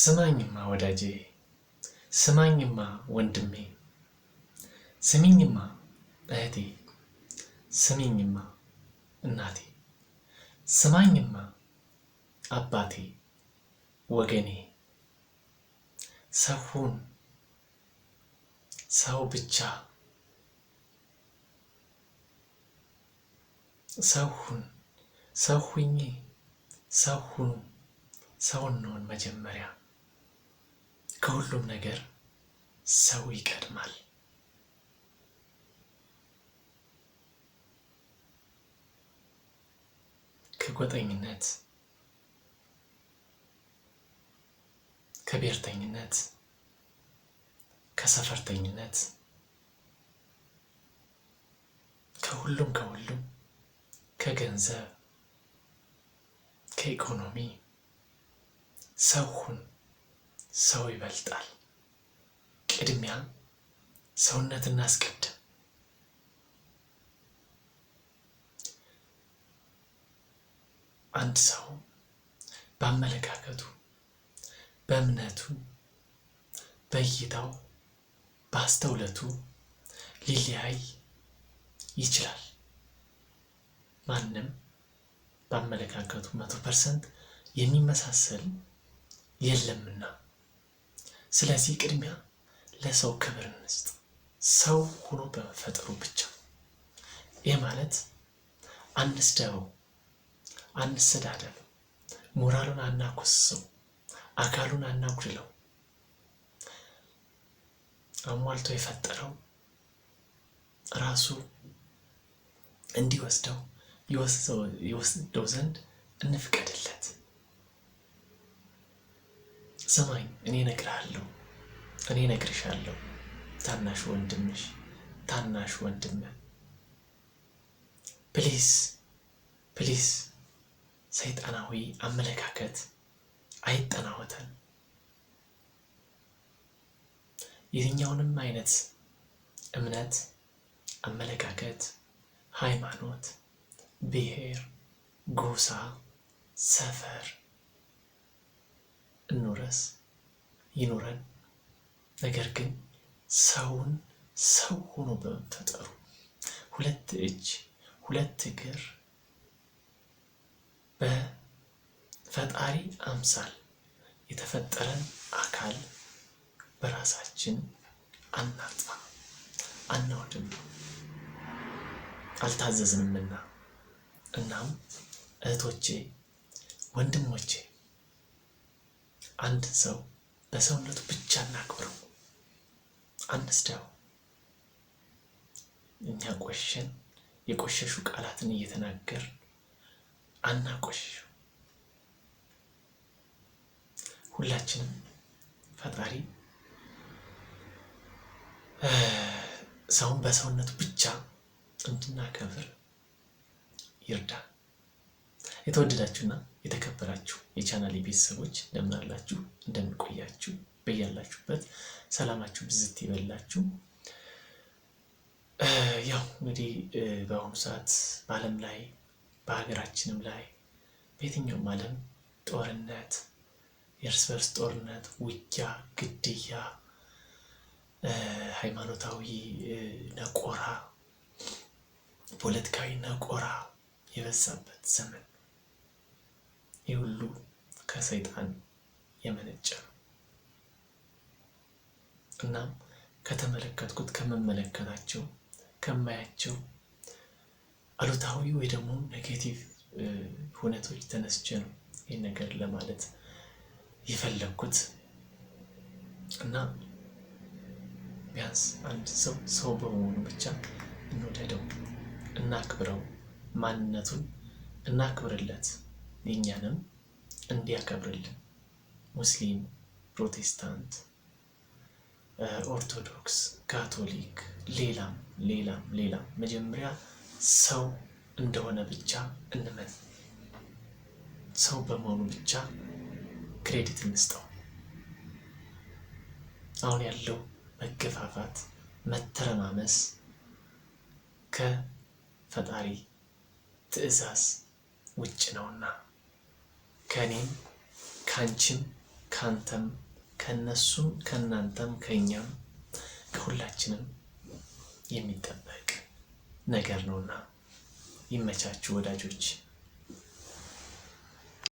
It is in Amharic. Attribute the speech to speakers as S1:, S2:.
S1: ስማኝማ ወዳጄ፣ ስማኝማ ወንድሜ፣ ስሚኝማ እህቴ፣ ስሚኝማ እናቴ፣ ስማኝማ አባቴ፣ ወገኔ። ሰሁን ሰው ብቻ ሰሁን ሁን፣ ሰው ሁኜ፣ ሰው ሁኑ፣ ሰው እንሆን መጀመሪያ ከሁሉም ነገር ሰው ይቀድማል። ከጎጠኝነት፣ ከብሔርተኝነት፣ ከሰፈርተኝነት ከሁሉም ከሁሉም ከገንዘብ ከኢኮኖሚ ሰው ሁን። ሰው ይበልጣል። ቅድሚያ ሰውነት እናስቀድም። አንድ ሰው በአመለካከቱ፣ በእምነቱ፣ በእይታው፣ በአስተውለቱ ሊለያይ ይችላል። ማንም በአመለካከቱ መቶ ፐርሰንት የሚመሳሰል የለምና ስለዚህ ቅድሚያ ለሰው ክብር እንስጥ፣ ሰው ሆኖ በመፈጠሩ ብቻ። ይህ ማለት አንስደበው፣ አንሰዳደብ፣ ሞራሉን አናኮስሰው፣ አካሉን አናጉድለው። አሟልቶ የፈጠረው ራሱ እንዲወስደው ይወስደው ዘንድ እንፍቀድለን። ስማኝ፣ እኔ እነግርሃለሁ፣ እኔ እነግርሻለሁ። ታናሽ ወንድምሽ ታናሽ ወንድም ፕሊስ ፕሊስ፣ ሰይጣናዊ አመለካከት አይጠናወተን። የትኛውንም አይነት እምነት፣ አመለካከት፣ ሃይማኖት፣ ብሔር፣ ጎሳ፣ ሰፈር እንውረስ ይኑረን። ነገር ግን ሰውን ሰው ሆኖ በመፈጠሩ ሁለት እጅ ሁለት እግር በፈጣሪ አምሳል የተፈጠረን አካል በራሳችን አናጣ አናወድም፣ አልታዘዝንምና። እናም እህቶቼ፣ ወንድሞቼ አንድ ሰው በሰውነቱ ብቻ እናክብረው፣ አንስደው። እኛ ቆሸን የቆሸሹ ቃላትን እየተናገርን አናቆሽሹ። ሁላችንም ፈጣሪ ሰውን በሰውነቱ ብቻ እንድናከብር ይርዳል። የተወደዳችሁና የተከበራችሁ የቻናል ቤተሰቦች እንደምን አላችሁ? እንደምን ቆያችሁ? በያላችሁበት ሰላማችሁ ብዝት ይበላችሁ። ያው እንግዲህ በአሁኑ ሰዓት በዓለም ላይ በሀገራችንም ላይ በየትኛውም ዓለም ጦርነት፣ የእርስ በርስ ጦርነት፣ ውጊያ፣ ግድያ፣ ሃይማኖታዊ ነቆራ፣ ፖለቲካዊ ነቆራ የበዛበት ዘመን ይህ ሁሉ ከሰይጣን የመነጨ ነው። እናም ከተመለከትኩት ከመመለከታቸው ከማያቸው አሉታዊ ወይ ደግሞ ኔጌቲቭ ሁነቶች ተነስቼ ነው ይህ ነገር ለማለት የፈለግኩት እና ቢያንስ አንድ ሰው ሰው በመሆኑ ብቻ እንወደደው እናክብረው፣ ማንነቱን እናክብርለት። የእኛንም እንዲያከብርልን ሙስሊም፣ ፕሮቴስታንት፣ ኦርቶዶክስ፣ ካቶሊክ፣ ሌላም ሌላም ሌላም መጀመሪያ ሰው እንደሆነ ብቻ እንመን። ሰው በመሆኑ ብቻ ክሬዲት እንስጠው። አሁን ያለው መገፋፋት፣ መተረማመስ ከፈጣሪ ትዕዛዝ ውጭ ነውና ከኔም ከአንቺም ከአንተም ከእነሱም ከእናንተም ከእኛም ከሁላችንም የሚጠበቅ ነገር ነውና ይመቻችሁ ወዳጆች።